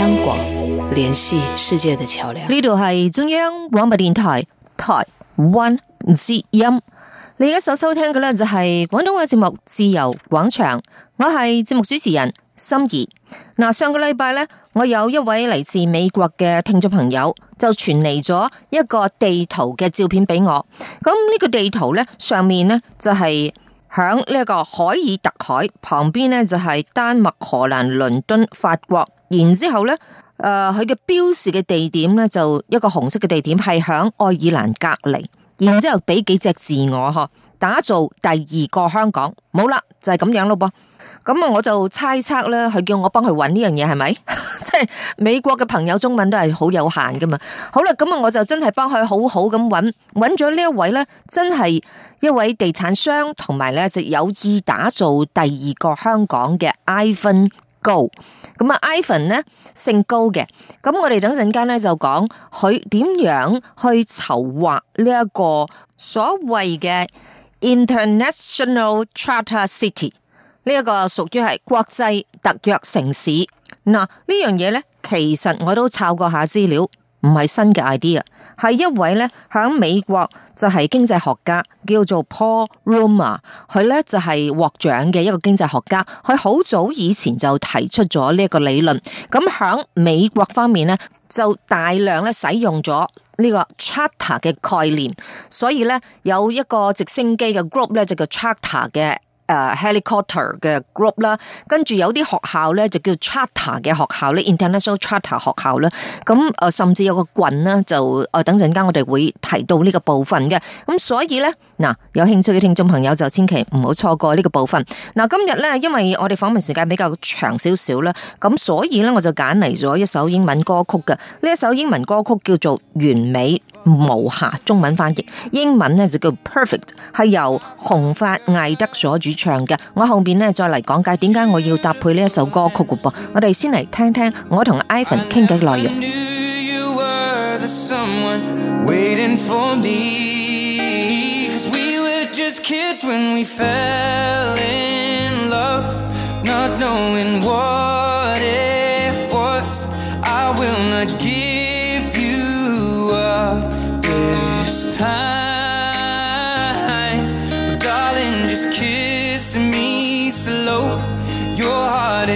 香港聯繫世界的橋樑。呢度係中央廣播電台台灣之音。你而家所收聽嘅呢，就係廣東話節目《自由廣場》，我係節目主持人心怡。嗱，上個禮拜呢，我有一位嚟自美國嘅聽眾朋友，就傳嚟咗一個地圖嘅照片俾我。咁、這、呢個地圖呢，上面呢，就係喺呢一個海爾特海旁邊呢，就係丹麥、荷蘭、倫敦、法國。然之後咧，誒、呃，佢嘅標示嘅地點咧就一個紅色嘅地點，係響愛爾蘭隔離。然之後俾幾隻字我嗬，打造第二個香港。冇啦，就係、是、咁樣咯噃。咁、嗯、啊，我就猜測咧，佢叫我幫佢搵呢樣嘢係咪？即係 美國嘅朋友，中文都係好有限噶嘛。好啦，咁、嗯、啊，我就真係幫佢好好咁搵，搵咗呢一位咧，真係一位地產商，同埋咧就有意打造第二個香港嘅 Irvine。高，咁啊，Ivan 呢姓高嘅，咁我哋等陣間咧就講佢點樣去籌劃呢一個所謂嘅 International Charter City 呢一個屬於係國際特約城市。嗱，樣呢樣嘢咧，其實我都抄過下資料，唔係新嘅 idea。係一位咧響美國就係經濟學家，叫做 Paul Romer，佢咧就係獲獎嘅一個經濟學家。佢好早以前就提出咗呢一個理論。咁響美國方面咧，就大量咧使用咗呢個 charter 嘅概念，所以咧有一個直升機嘅 group 咧就叫 charter 嘅。誒 helicopter 嘅 group 啦，跟住有啲學校咧就叫 charter 嘅學校咧，International charter 學校啦，咁誒甚至有個羣，啦，就誒等陣間我哋會提到呢個部分嘅。咁所以咧嗱，有興趣嘅聽眾朋友就千祈唔好錯過呢個部分。嗱，今日咧因為我哋訪問時間比較長少少啦，咁所以咧我就揀嚟咗一首英文歌曲嘅，呢一首英文歌曲叫做《完美無瑕》，中文翻譯英文咧就叫 Perfect，係由紅髮艾德所主長嘅，我後面咧再嚟講解點解我要搭配呢一首歌曲嘅噃，我哋先嚟聽聽我同 Ivan 傾偈內容。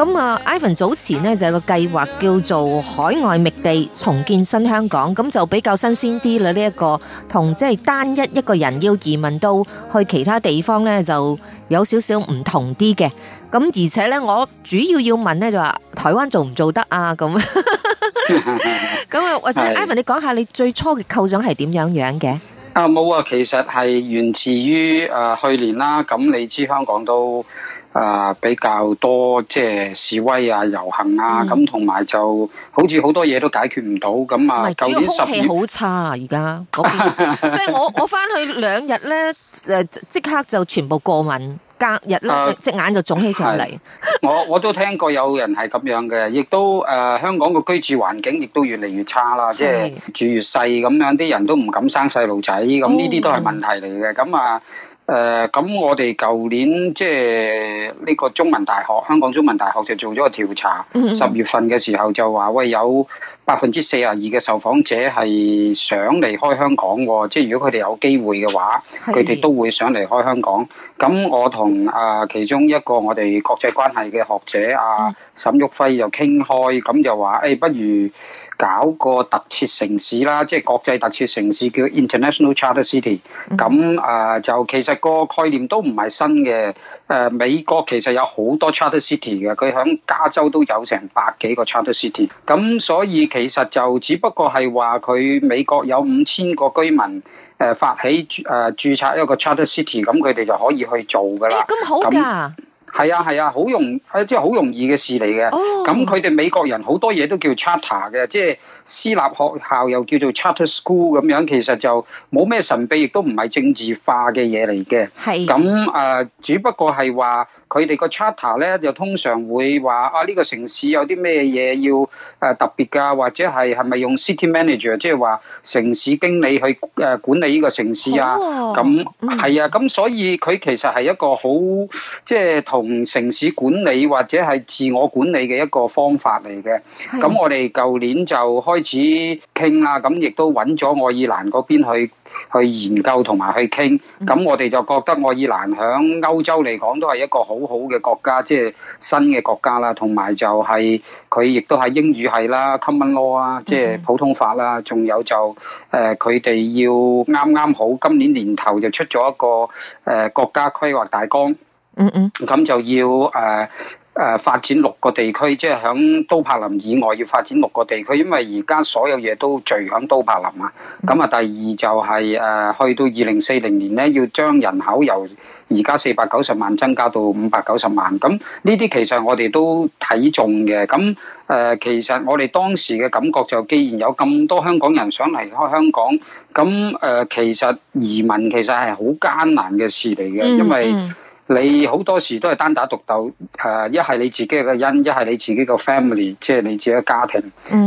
咁啊，Ivan 早前咧就有、是、個計劃叫做海外覓地重建新香港，咁就比較新鮮啲啦。呢、這、一個同即係單一一個人要移民到去其他地方咧，就有少少唔同啲嘅。咁而且咧，我主要要問咧就話、是、台灣做唔做得啊？咁 咁 啊，或者是 Ivan 你講下你最初嘅構想係點樣樣嘅？啊冇啊，其實係源自於誒、呃、去年啦，咁你知香港都。啊，比較多即係示威啊、遊行啊，咁同埋就，好似好多嘢都解決唔到，咁啊，嗯、年年主要空氣好差而、啊、家， 即係我我翻去兩日咧，誒即刻就全部過敏，隔日咧隻、呃、眼就腫起上嚟。我我都聽過有人係咁樣嘅，亦都誒、呃、香港嘅居住環境亦都越嚟越差啦，即係是住越細咁樣，啲人都唔敢生細路仔，咁呢啲都係問題嚟嘅，咁啊。嗯誒，咁、呃、我哋舊年即係呢個中文大學，香港中文大學就做咗個調查，十、mm hmm. 月份嘅時候就喂、就是，話喂有百分之四廿二四十二嘅受訪者係想離開香港，即係如果佢哋有機會嘅話，佢哋都會想離開香港。咁我同啊其中一個我哋國際關係嘅學者啊、mm hmm. 沈旭輝就傾開，咁就話、是、誒、欸、不如搞個特設城市啦，即、就、係、是、國際特設城市叫 International Charter City、mm。咁、hmm. 啊、嗯呃、就其實。個概念都唔係新嘅，誒、呃、美國其實有好多 charter city 嘅，佢喺加州都有成百幾個 charter city，咁所以其實就只不過係話佢美國有五千個居民誒、呃、發起誒、呃、註冊一個 charter city，咁佢哋就可以去做㗎啦。咁、欸、好㗎，係啊係啊，好容即係好容易嘅、就係、事嚟嘅。咁佢哋美國人好多嘢都叫 charter 嘅，即、就、係、係。私立學校又叫做 charter school 咁樣其實就冇咩神秘，亦都唔係政治化嘅嘢嚟嘅。係咁誒只不過係話佢哋個 charter 咧，就通常會話啊，呢、這個城市有啲咩嘢要誒、啊、特別㗎，或者係係咪用 city manager，即係話城市經理去誒、呃、管理呢個城市啊？哦、咁係啊，咁、嗯、所以佢其實係一個好即係同城市管理或者係自我管理嘅一個方法嚟嘅。係。咁我哋舊年就開。開始傾啦，咁亦都揾咗愛爾蘭嗰邊去去研究同埋去傾，咁我哋就覺得愛爾蘭響歐洲嚟講都係一個好好嘅國家，即係新嘅國家啦，同埋就係佢亦都係英語系啦，Common Law 啊，即係普通法啦，仲、mm hmm. 有就誒佢哋要啱啱好今年年頭就出咗一個誒、呃、國家規劃大綱。嗯咁、嗯、就要誒誒、呃呃、發展六個地區，即係響都柏林以外要發展六個地區，因為而家所有嘢都聚響都柏林啊。咁啊、嗯嗯，第二就係、是、誒、呃、去到二零四零年咧，要將人口由而家四百九十萬增加到五百九十萬。咁呢啲其實我哋都睇中嘅。咁誒、呃，其實我哋當時嘅感覺就，既然有咁多香港人想離開香港，咁誒、呃，其實移民其實係好艱難嘅事嚟嘅，嗯嗯嗯因為。你好多時都係單打獨鬥，誒一係你自己嘅人，一係你自己個 family，即係你自己嘅家庭。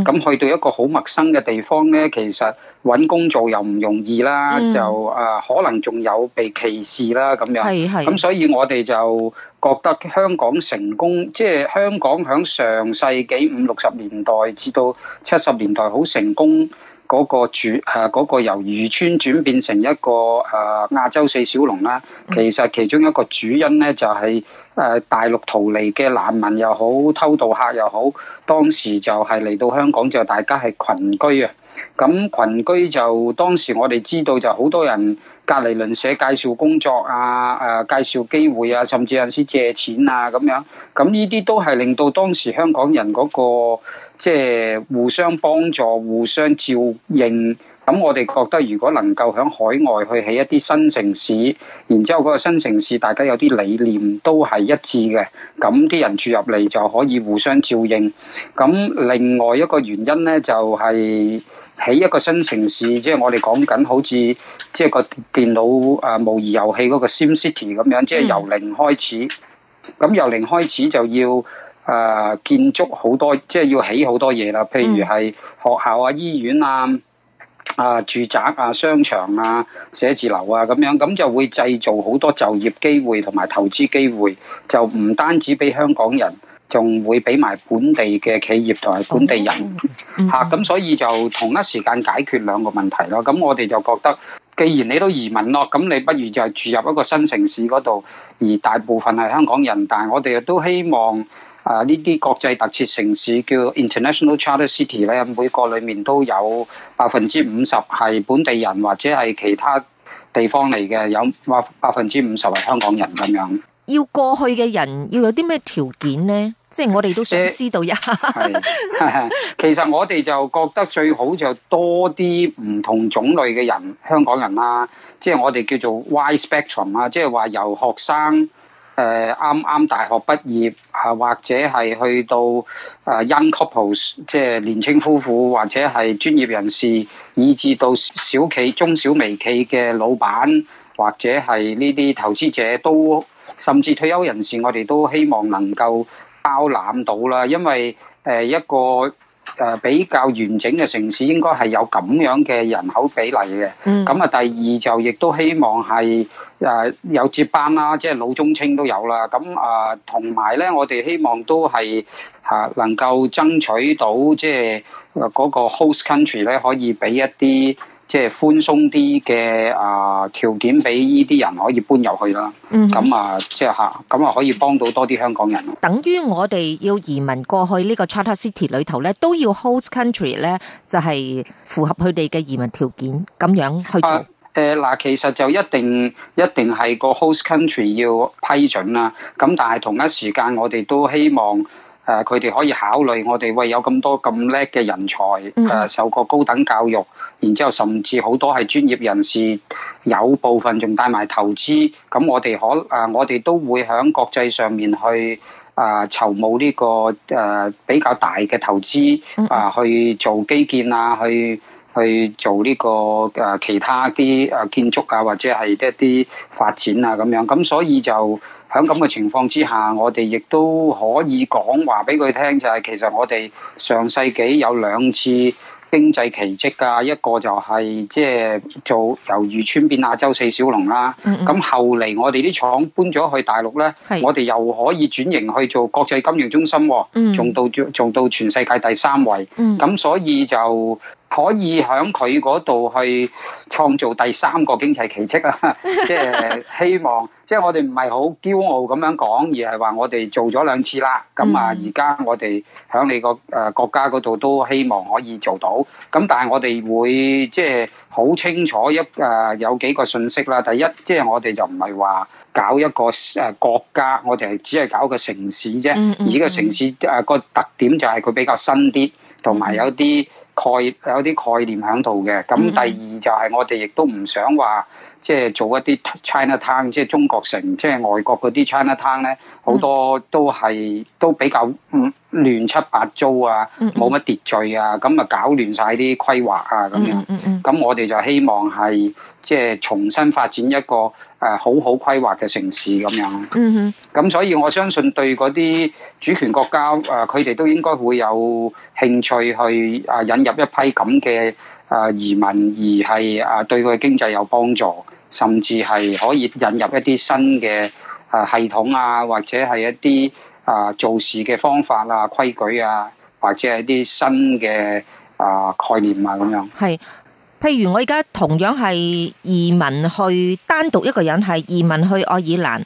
咁、嗯、去到一個好陌生嘅地方呢，其實揾工做又唔容易啦，嗯、就誒可能仲有被歧視啦咁樣。咁所以我哋就覺得香港成功，即係香港喺上世紀五六十年代至到七十年代好成功。嗰個主啊，嗰、那個、由漁村轉變成一個啊、呃、亞洲四小龍啦，其實其中一個主因咧就係、是、誒、呃、大陸逃離嘅難民又好，偷渡客又好，當時就係嚟到香港就大家係群居啊，咁群居就當時我哋知道就好多人。隔離鄰舍介紹工作啊，誒介紹機會啊，甚至有陣時借錢啊咁樣，咁呢啲都係令到當時香港人嗰、那個即係、就是、互相幫助、互相照應。咁我哋覺得，如果能夠喺海外去起一啲新城市，然之後嗰個新城市大家有啲理念都係一致嘅，咁啲人住入嚟就可以互相照應。咁另外一個原因呢，就係、是。起一個新城市，即係我哋講緊，好似即係個電腦啊模擬遊戲嗰個 Sim City 咁樣，即係由零開始。咁，嗯，由零開始就要啊建築好多，即係要起好多嘢啦。譬如係學校啊、醫院啊、啊住宅啊、商場啊、寫字樓啊咁樣，咁就會製造好多就業機會同埋投資機會，就唔單止俾香港人。仲會俾埋本地嘅企業同埋本地人吓，咁、嗯啊、所以就同一時間解決兩個問題咯。咁我哋就覺得，既然你都移民咯，咁你不如就係住入一個新城市嗰度，而大部分係香港人。但係我哋都希望啊，呢啲國際特設城市叫 International Charter City 咧，每個裏面都有百分之五十係本地人或者係其他地方嚟嘅，有百百分之五十係香港人咁樣。要過去嘅人要有啲咩條件呢？即係我哋都想知道一下，欸。其實我哋就覺得最好就多啲唔同種類嘅人，香港人啦，啊，即係我哋叫做 wide spectrum 啊，即係話由學生誒，啱，呃，啱大學畢業啊，或者係去到誒 young couples，即係年青夫婦，或者係專業人士，以至到小企、中小微企嘅老闆，或者係呢啲投資者都。甚至退休人士，我哋都希望能夠包攬到啦，因為誒一個誒比較完整嘅城市，應該係有咁樣嘅人口比例嘅。咁啊、嗯，第二就亦都希望係誒有接班啦，即係老中青都有啦。咁啊，同埋咧，我哋希望都係嚇能夠爭取到即係嗰個 host country 咧，可以俾一啲。即係寬鬆啲嘅啊條件俾呢啲人可以搬入去啦，咁、mm hmm. 啊即係吓，咁、就是、啊可以幫到多啲香港人。等於我哋要移民過去個呢個 Charter City 裏頭咧，都要 Host Country 咧就係、是、符合佢哋嘅移民條件咁樣去做。誒嗱、啊呃，其實就一定一定係個 Host Country 要批准啦。咁但係同一時間，我哋都希望。誒，佢哋可以考慮我哋喂，有咁多咁叻嘅人才，誒、呃、受過高等教育，然之後甚至好多係專業人士，有部分仲帶埋投資，咁我哋可誒、呃，我哋都會喺國際上面去誒、呃、籌募呢、這個誒、呃、比較大嘅投資，啊、呃、去做基建啊去。去做呢、這個誒、呃、其他啲誒建築啊，或者係一啲發展啊咁樣，咁所以就喺咁嘅情況之下，我哋亦都可以講話俾佢聽、就是，就係其實我哋上世紀有兩次經濟奇蹟㗎、啊，一個就係即係做由漁村變亞洲四小龍啦、啊。咁、嗯嗯、後嚟我哋啲廠搬咗去大陸咧，是的 我哋又可以轉型去做國際金融中心、哦，做、嗯嗯、到做到全世界第三位。咁、嗯嗯、所以就可以響佢嗰度去創造第三個經濟奇蹟啦，即係希望，即係我哋唔係好驕傲咁樣講，而係話我哋做咗兩次啦。咁啊，而家我哋響，你個誒國家嗰度都希望可以做到。咁但係我哋會即係好清楚一誒有幾個信息啦。第一，即係我哋就唔係話搞一個誒國家，我哋係只係搞個城市啫。而個城市誒個特點就係佢比較新啲，同埋有啲。概有啲概念響度嘅，咁第二就係我哋亦都唔想話，即係做一啲 China Town，即係中國城，即係外國嗰啲 China Town 咧，好多都係、嗯、都比較。嗯。亂七八糟啊，冇乜秩序啊，咁啊 搞亂晒啲規劃啊，咁樣。咁 我哋就希望係即係重新發展一個誒、啊、好好規劃嘅城市咁樣。咁 所以我相信對嗰啲主權國家誒，啊、佢哋都應該會有興趣去啊引入一批咁嘅誒移民，而係啊對佢經濟有幫助，甚至係可以引入一啲新嘅誒系統啊，或者係一啲。啊！做事嘅方法啊、規矩啊，或者係啲新嘅啊概念啊，咁樣。係，譬如我而家同樣係移民去單獨一個人係移民去愛爾蘭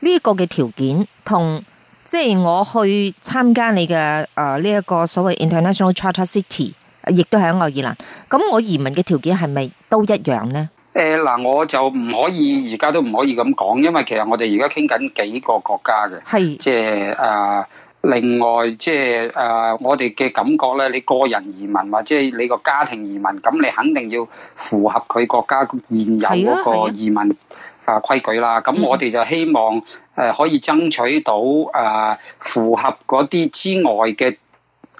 呢個嘅條件，同即係、就是、我去參加你嘅啊呢一個所謂 International Charter City，亦都喺愛爾蘭。咁我移民嘅條件係咪都一樣呢？誒，嗱、呃，我就唔可以而家都唔可以咁講，因為其實我哋而家傾緊幾個國家嘅，即係啊、就是呃，另外即係啊，我哋嘅感覺咧，你個人移民或者你個家庭移民，咁你肯定要符合佢國家現有嗰個移民啊規矩啦。咁、啊啊啊、我哋就希望誒可以爭取到啊、呃，符合嗰啲之外嘅。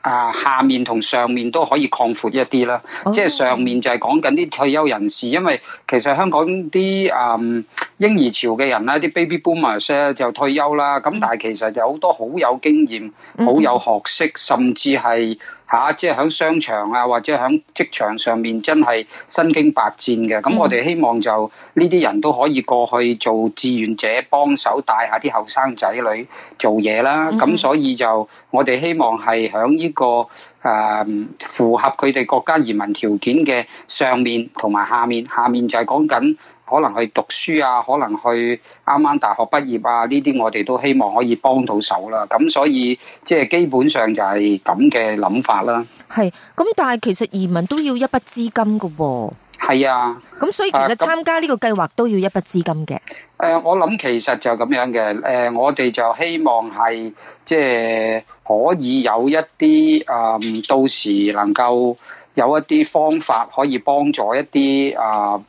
啊，下面同上面都可以擴闊一啲啦，Okay. 即係上面就係講緊啲退休人士，因為其實香港啲誒嬰兒潮嘅人咧，啲 baby boomers 就退休啦，咁、mm hmm. 但係其實就好多好有經驗、好、mm hmm. 有學識，甚至係。嚇、啊！即係喺商場啊，或者喺職場上面，真係身經百戰嘅。咁、嗯、哼我哋希望就呢啲人都可以過去做志願者，幫手帶下啲後生仔女做嘢啦。咁、嗯、哼所以就我哋希望係喺呢個誒、呃、符合佢哋國家移民條件嘅上面同埋下面，下面就係講緊。可能去讀書啊，可能去啱啱大學畢業啊，呢啲我哋都希望可以幫到手啦。咁所以即係、就是、基本上就係咁嘅諗法啦。係，咁但係其實移民都要一筆資金噶喎，哦。係啊，咁所以其實參加呢個計劃都要一筆資金嘅。誒、啊呃，我諗其實就咁樣嘅。誒、呃，我哋就希望係即係可以有一啲誒、嗯，到時能夠有一啲方法可以幫助一啲誒。啊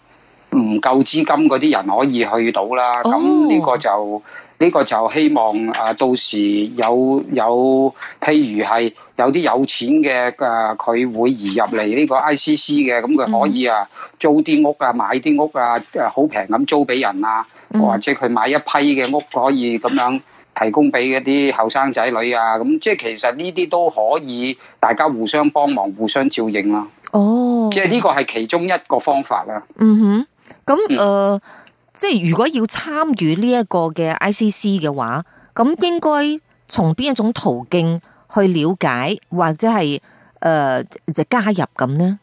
唔夠資金嗰啲人可以去到啦，咁呢、oh. 個就呢、個就希望啊，到時有有譬如係有啲有錢嘅誒，佢、啊、會移入嚟呢個 I C C 嘅，咁佢可以啊租啲屋啊，買啲屋啊好平咁租俾人啊，oh. 或者佢買一批嘅屋可以咁樣提供俾嗰啲後生仔女啊，咁即係其實呢啲都可以大家互相幫忙、互相照應啦、啊。哦，oh. 即係呢個係其中一個方法啦。嗯哼、mm。Hmm. 咁誒、呃，即係如果要參與呢一個嘅 ICC 嘅話，咁應該從邊一種途徑去了解或者係誒就加入咁呢？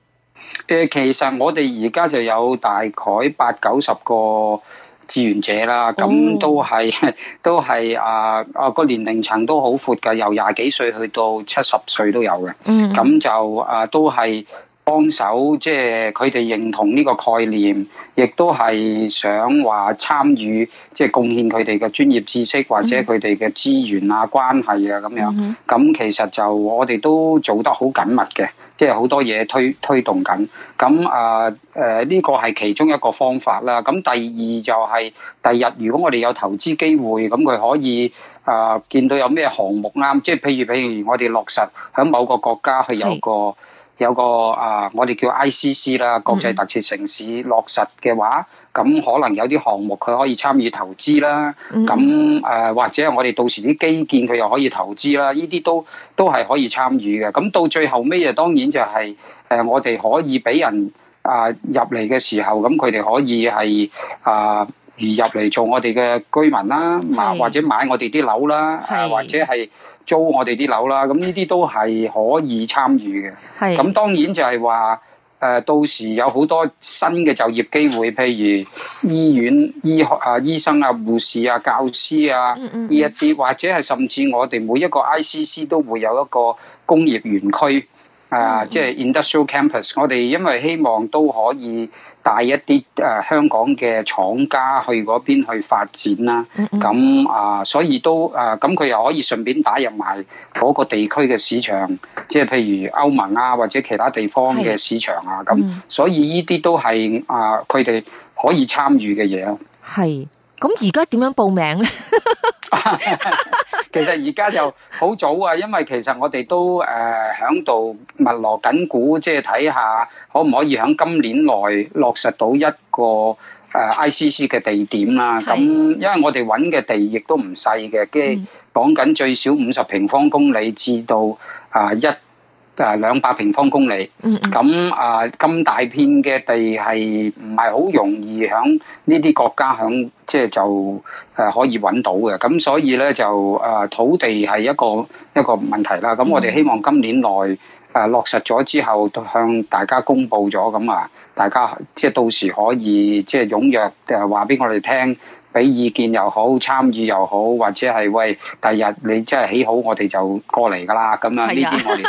誒，其實我哋而家就有大概八九十個志願者啦，咁都係、oh. 都係啊啊、個年齡層都好闊噶，由廿幾歲去到七十歲都有嘅，咁就啊都係。幫手，即係佢哋認同呢個概念，亦都係想話參與，即係貢獻佢哋嘅專業知識或者佢哋嘅資源啊、關係啊咁樣。咁其實就我哋都做得好緊密嘅，即係好多嘢推推動緊。咁啊誒，呢個係其中一個方法啦。咁第二就係、是、第日，如果我哋有投資機會，咁佢可以。啊、呃、見到有咩項目啱，即係譬如譬如我哋落實喺某個國家去有個是有個啊、呃，我哋叫 ICC 啦，國際特設城市落實嘅話，咁、嗯、可能有啲項目佢可以參與投資啦。咁誒、嗯呃、或者我哋到時啲基建佢又可以投資啦，呢啲都都係可以參與嘅。咁到最後尾啊，當然就係、是、誒、呃、我哋可以俾人啊、呃、入嚟嘅時候，咁佢哋可以係啊。呃移入嚟做我哋嘅居民啦，是或者買我哋啲樓啦，是或者係租我哋啲樓啦，咁呢啲都係可以參與嘅。咁是當然就係話，誒、呃，到時有好多新嘅就業機會，譬如醫院、醫學啊、醫生啊、護士啊、教師啊呢一啲，嗯嗯或者係甚至我哋每一個 ICC 都會有一個工業園區啊，即、呃、係、嗯、industrial campus。我哋因為希望都可以。帶一啲誒、呃、香港嘅廠家去嗰邊去發展啦，咁、mm hmm. 啊，所以都啊，咁佢又可以順便打入埋嗰個地區嘅市場，即係譬如歐盟啊，或者其他地方嘅市場啊，咁、mm hmm. 啊，所以呢啲都係啊，佢哋可以參與嘅嘢咯。係、mm。Hmm. 咁而家點樣報名咧？ 其實而家就好早啊，因為其實我哋都誒喺度密鑼緊鼓，即係睇下可唔可以喺今年內落實到一個誒 ICC 嘅地點啦。咁的因為我哋揾嘅地亦都唔細嘅，即係講緊最少五十平方公里至到啊一。就係兩百平方公里，咁啊，咁大片嘅地係唔係好容易喺呢啲國家喺，即係就誒、即係即係啊、可以揾到嘅，咁所以咧就誒、啊、土地係一個一個問題啦。咁我哋希望今年內誒、啊、落實咗之後，向大家公佈咗咁啊，大家即係、即係、到時可以即係、即係、踴躍誒話俾我哋聽。俾意見又好，參與又好，或者係喂，第日你真係起好，我哋就過嚟噶啦。咁樣呢啲我哋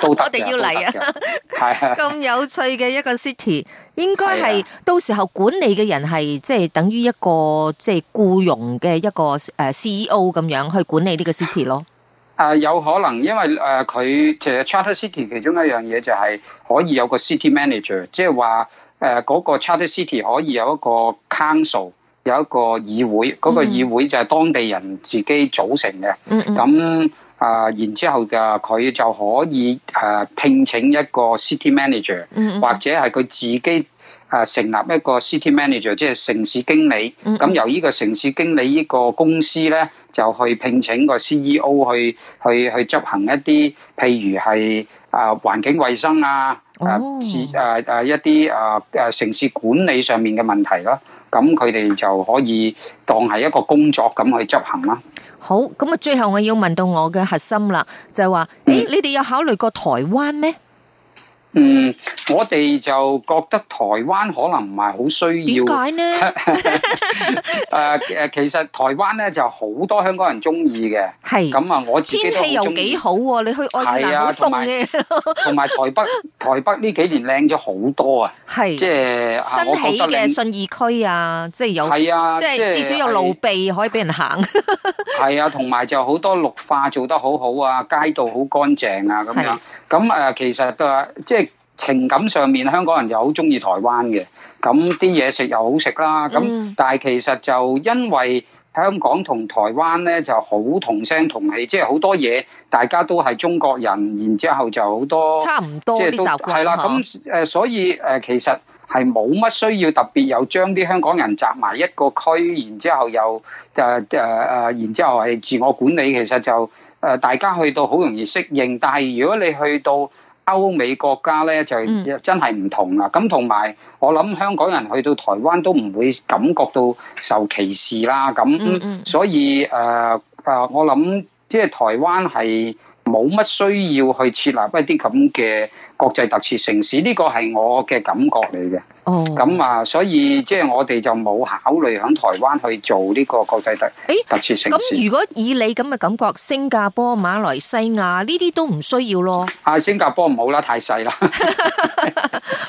都都得嘅。我哋要嚟啊！係係。咁有趣嘅一個 city， 應該係到時候管理嘅人係即係等於一個即係、就是、僱傭嘅一個誒 CEO 咁樣去管理呢個 city 咯。誒、呃、有可能，因為誒佢、呃、其實 charter city 其中一樣嘢就係可以有個 city manager，即係話誒嗰個 charter city 可以有一個 council。有一個議會，嗰、那個議會就係當地人自己組成嘅。咁啊、嗯嗯嗯呃，然之後嘅佢就可以誒聘請一個 city manager，嗯嗯嗯或者係佢自己誒成立一個 city manager，即係城市經理。咁、嗯嗯、由呢個城市經理呢個公司咧，就去聘請個 CEO 去去去,去執行一啲，譬如係啊環境衛生啊，誒誒誒一啲啊誒、啊啊啊啊、城市,市管理上面嘅問題咯、啊。咁佢哋就可以當係一個工作咁去執行啦，啊。好，咁最後我要問到我嘅核心啦，就係話，嗯，欸，你哋有考慮過台灣咩？嗯，我哋就覺得台灣可能唔係好需要。點解呢？誒誒，其實台灣咧就好多香港人中意嘅。係。咁啊，我自己都好中意。天氣又幾好喎！你去愛蘭好凍嘅。同埋同埋台北台北呢幾年靚咗好多啊！係，即係新起嘅信義區啊！即係有。係啊！即係至少有路背可以俾人行。係啊！同埋就好多綠化做得好好啊，街道好乾淨啊咁樣咁誒，其實都係即係。情感上面，香港人就又好中意台灣嘅，咁啲嘢食又好食啦。咁、嗯、但係其實就因為香港同台灣咧就好同聲同氣，即係好多嘢大家都係中國人，然之後就好多差唔多啲習慣。係啦，咁誒、嗯呃，所以誒、呃、其實係冇乜需要特別又將啲香港人集埋一個區，然之後又誒誒誒，然之後係自我管理，其實就誒、呃、大家去到好容易適應，但係如果你去到歐美國家咧就真係唔同啦，咁同埋我諗香港人去到台灣都唔會感覺到受歧視啦，咁、嗯嗯、所以誒誒、呃呃，我諗即係台灣係冇乜需要去設立一啲咁嘅。國際特設城市呢個係我嘅感覺嚟嘅，咁、oh. 啊，所以即係、就是、我哋就冇考慮喺台灣去做呢個國際特誒、欸、特設城市。咁如果以你咁嘅感覺，新加坡、馬來西亞呢啲都唔需要咯。啊，新加坡唔好啦，太細啦，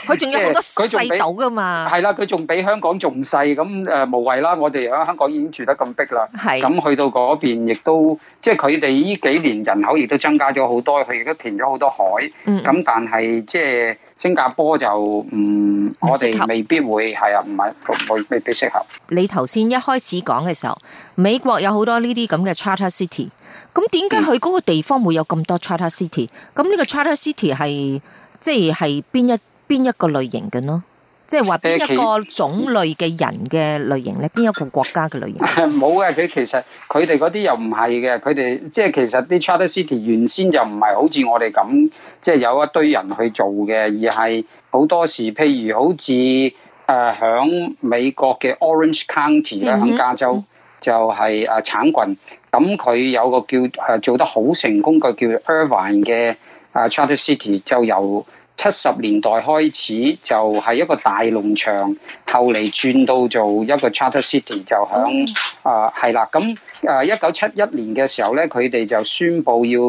佢 仲 有好多細島㗎嘛。係啦，佢仲比香港仲細，咁、嗯、誒、呃、無謂啦。我哋喺香港已經住得咁逼啦，咁的去到嗰邊亦都即係佢哋呢幾年人口亦都增加咗好多，佢亦都填咗好多海，咁、mm. 但係。即係新加坡就唔，嗯、我哋未必會係啊，唔係唔未必適合。你頭先一開始講嘅時候，美國有好多呢啲咁嘅 charter city，咁點解佢個地方會有咁多 charter city？咁呢個 charter city 係即係係邊一邊一個類型嘅呢？即係話邊一個種類嘅人嘅類型咧？邊一個國家嘅類型？冇嘅、 啊，佢其實佢哋嗰啲又唔係嘅，佢哋即係其實啲 charter city 原先就唔係好似我哋咁，即係有一堆人去做嘅，而係好多時譬如好似誒響美國嘅 Orange County 咧，響加州就係誒橙郡，咁佢 有個叫誒做得好成功嘅叫做 Irvine 嘅誒 charter city，就有。七十年代開始就係一個大農場，後嚟轉到做一個 Charter City，就響、mm. 啊係啦，咁啊一九七一年嘅時候呢，佢哋就宣布要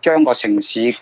將個城市誒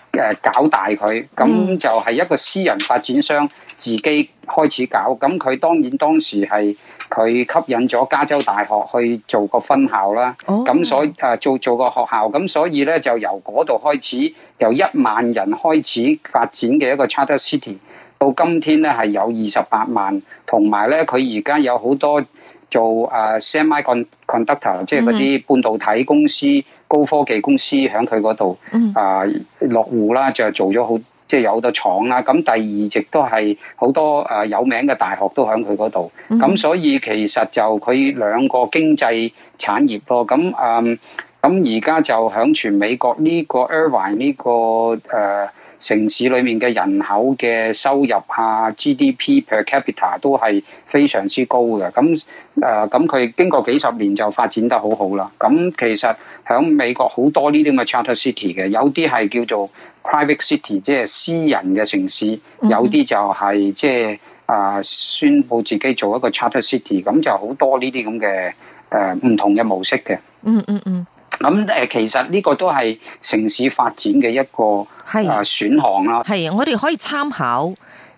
搞大佢，咁就係一個私人發展商自己開始搞，咁佢當然當時係。佢吸引咗加州大學去做個分校啦，咁所誒做做個學校，咁所以咧就由度開始，由一萬人開始發展嘅一個 Charter City，到今天咧係有二十八萬同埋咧佢而家有好多做誒 semi、呃、con conductor 即係啲半導體公司、mm hmm. 高科技公司響佢度啊落戶啦，就係做咗好。即係有個廠啦，咁第二直都係好多誒有名嘅大學都喺佢嗰度，咁、嗯、哼所以其實就佢兩個經濟產業咯，咁誒，咁而家就響全美國呢個、e、Irvine 呢、這個誒。呃城市裏面嘅人口嘅收入啊，GDP per capita 都係非常之高嘅。咁誒，咁、呃、佢經過幾十年就發展得好好啦。咁其實喺美國好多呢啲咁嘅 charter city 嘅，有啲係叫做 private city，即係私人嘅城市；有啲就係即係啊，宣布自己做一個 charter city，咁就好多呢啲咁嘅誒唔同嘅模式嘅、嗯。嗯嗯嗯。咁誒，其實呢個都係城市發展嘅一個誒選項啦。係，我哋可以參考，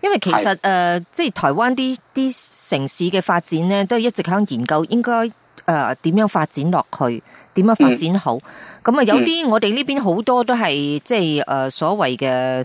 因為其實誒是、呃，即係台灣啲啲城市嘅發展咧，都係一直響研究應該誒點樣發展落去，點樣發展好。咁啊，有啲我哋呢邊好多都係即係誒所謂嘅，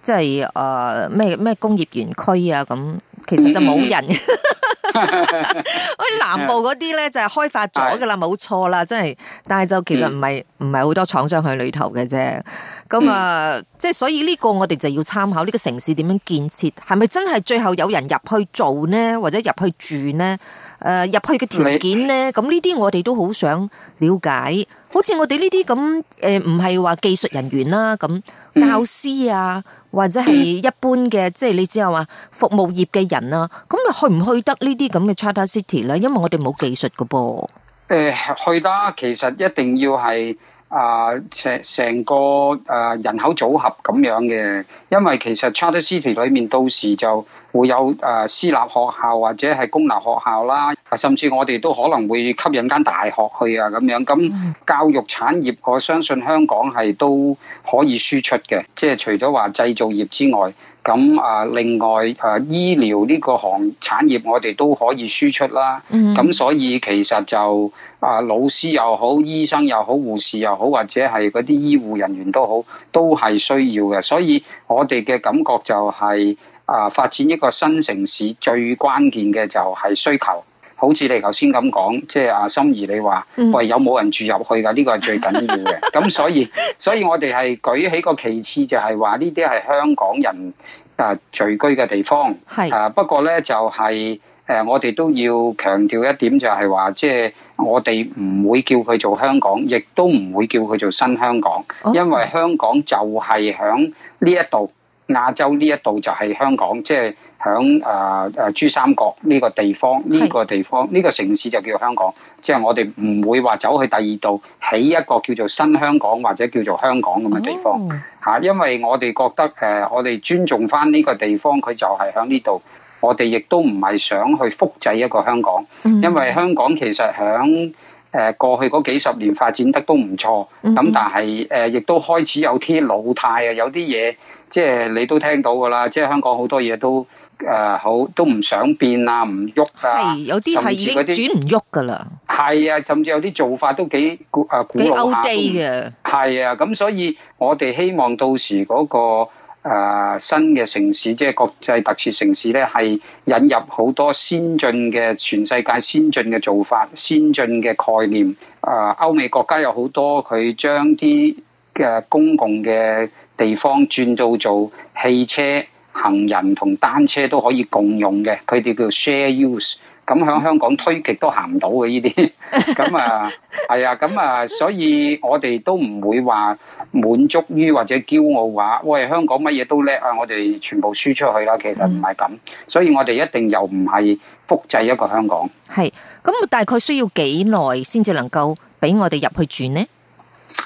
即係誒咩咩工業園區啊咁，其實就冇人嗯嗯。 喂， 南部嗰啲咧就係、是、開發咗噶啦，冇錯啦，真係。但係就其實唔係唔係好多廠商喺裏頭嘅啫。咁啊，即係所以呢個我哋就要參考呢個城市點樣建設，係咪真係最後有人入去做呢，或者入去住呢？誒、呃，入去嘅條件呢？咁呢啲我哋都好想了解。好似我哋呢啲咁誒，唔係話技術人員啦咁。嗯教師啊，或者係一般嘅，嗯、即係你知啊嘛，服務業嘅人啊，咁啊去唔去得這這呢啲咁嘅 charter city 咧？因為我哋冇技術㗎噃。誒、呃，去得，其實一定要係。啊，成成、呃、個誒、呃、人口組合咁樣嘅，因為其實 charter city 裏面到時就會有誒、呃、私立學校或者係公立學校啦，甚至我哋都可能會吸引間大學去啊咁樣。咁教育產業，業，我相信香港係都可以輸出嘅，即係除咗話製造業之外。咁啊，另外啊，醫療呢個行業產業，我哋都可以輸出啦。咁、mm hmm. 所以其實就啊，老師又好，醫生又好，護士又好，或者係嗰啲醫護人員都好，都係需要嘅。所以我哋嘅感覺就係、是、啊，發展一個新城市最關鍵嘅就係需求。好似你頭先咁講，即係阿心怡你話，嗯、喂有冇人住入去㗎？呢、這個係最緊要嘅。咁 所以，所以我哋係舉起個旗幟，就係話，呢啲係香港人啊、呃、聚居嘅地方。係是啊，不過咧就係、是、誒、呃，我哋都要強調一點就係話，即、就、係、是、我哋唔會叫佢做香港，亦都唔會叫佢做新香港，哦、因為香港就係喺呢一度。亞洲呢一度就係香港，即係喺誒誒珠三角呢個地方，呢、呢個地方呢是個城市就叫香港。即、就、係、是、我哋唔會話走去第二度起一個叫做新香港或者叫做香港咁嘅地方嚇，Oh. 因為我哋覺得誒、呃，我哋尊重翻呢個地方，佢就係喺呢度。我哋亦都唔係想去複製一個香港，因為香港其實喺。Oh. 嗯誒過去嗰幾十年發展得都唔錯，咁、mm hmm. 但係誒亦都開始有啲老態啊，有啲嘢即係你都聽到噶啦，即係香港好多嘢都誒好、呃、都唔想變啊，唔喐啊，有啲係已經轉唔喐噶啦，係啊，甚至有啲做法都幾古誒、呃、古老下都係啊，咁所以我哋希望到時嗰、嗰個。誒、啊、新嘅城市，即係國際特設城市呢，係引入好多先進嘅全世界先進嘅做法、先進嘅概念。誒、啊、歐美國家有好多佢，將啲嘅公共嘅地方轉到做汽車、行人同單車都可以共用嘅，佢哋叫 share use。咁喺香港推極都行唔到嘅呢啲。咁啊，係啊，咁啊，所以我哋都唔會話滿足於或者驕傲話，喂，香港乜嘢都叻啊！我哋全部輸出去啦，其實唔係咁，所以我哋一定又唔係複製一個香港。係咁，大概需要幾耐先至能夠俾我哋入去住呢？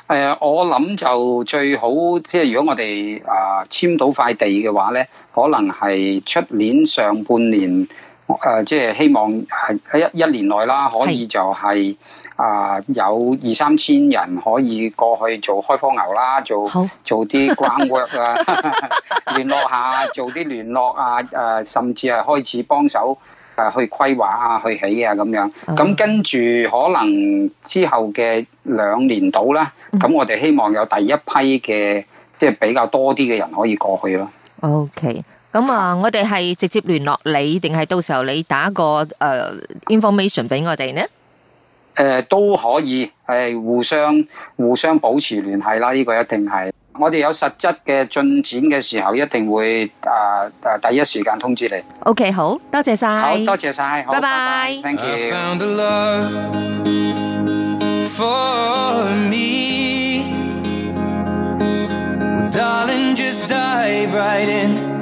係啊，我諗就最好，即係如果我哋誒簽到塊地嘅話呢，可能係出年上半年。誒，即係希望喺一一年內啦，可以就係啊，有二三千人可以過去做開荒牛啦，做好 做啲 ground work 啊，聯絡下，做啲聯絡啊，誒，甚至係開始幫手啊，去規劃啊，去起啊，咁樣。咁跟住可能之後嘅兩年到啦。咁我哋希望有第一批嘅，即係比較多啲嘅人可以過去咯。O K。咁啊，我哋係直接聯絡你，定係到時候你打個誒 information 俾我哋呢？誒，都可以，係互相互相保持聯繫啦。呢個一定係，我哋有實質嘅進展嘅時候，一定會誒誒第一時間通知你。OK，好多謝晒，好多謝晒，好，拜拜，Thank you。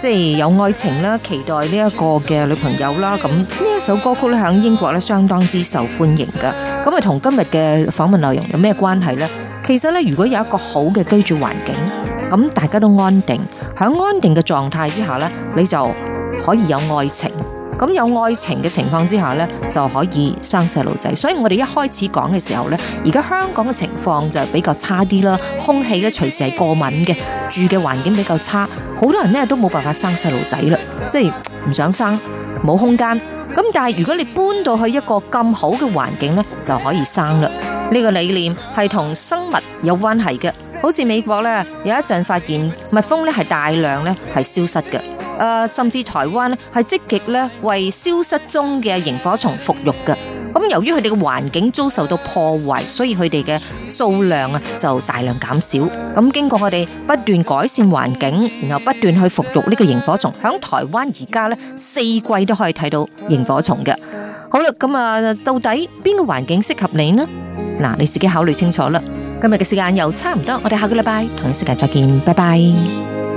即係有愛情啦，期待呢一個嘅女朋友啦，咁呢一首歌曲咧，喺英國相當之受歡迎噶，咁啊同今日嘅訪問內容有咩關係呢？其實咧，如果有一個好嘅居住環境，咁大家都安定，喺安定嘅狀態之下咧，你就可以有愛情。咁有愛情嘅情況之下咧，就可以生細路仔。所以我哋一開始講嘅時候呢，而家香港嘅情況就比較差啲啦，空氣咧隨時係過敏嘅，住嘅環境比較差，好多人呢，都冇辦法生細路仔啦，即係唔想生，冇空間。咁但係如果你搬到去一個咁好嘅環境呢，就可以生啦。呢個理念係同生物有關係嘅，好似美國呢，有一陣發現蜜蜂咧係大量咧係消失嘅。誒，甚至台灣咧係積極咧為消失中嘅螢火蟲復育嘅。咁由於佢哋嘅環境遭受到破壞，所以佢哋嘅數量啊就大量減少。咁經過我哋不斷改善環境，然後不斷去復育呢個螢火蟲，響台灣而家咧四季都可以睇到螢火蟲嘅。好啦，咁啊，到底邊個環境適合你呢？嗱，你自己考慮清楚啦。今日嘅時間又差唔多，我哋下個禮拜同一世界再見，拜拜。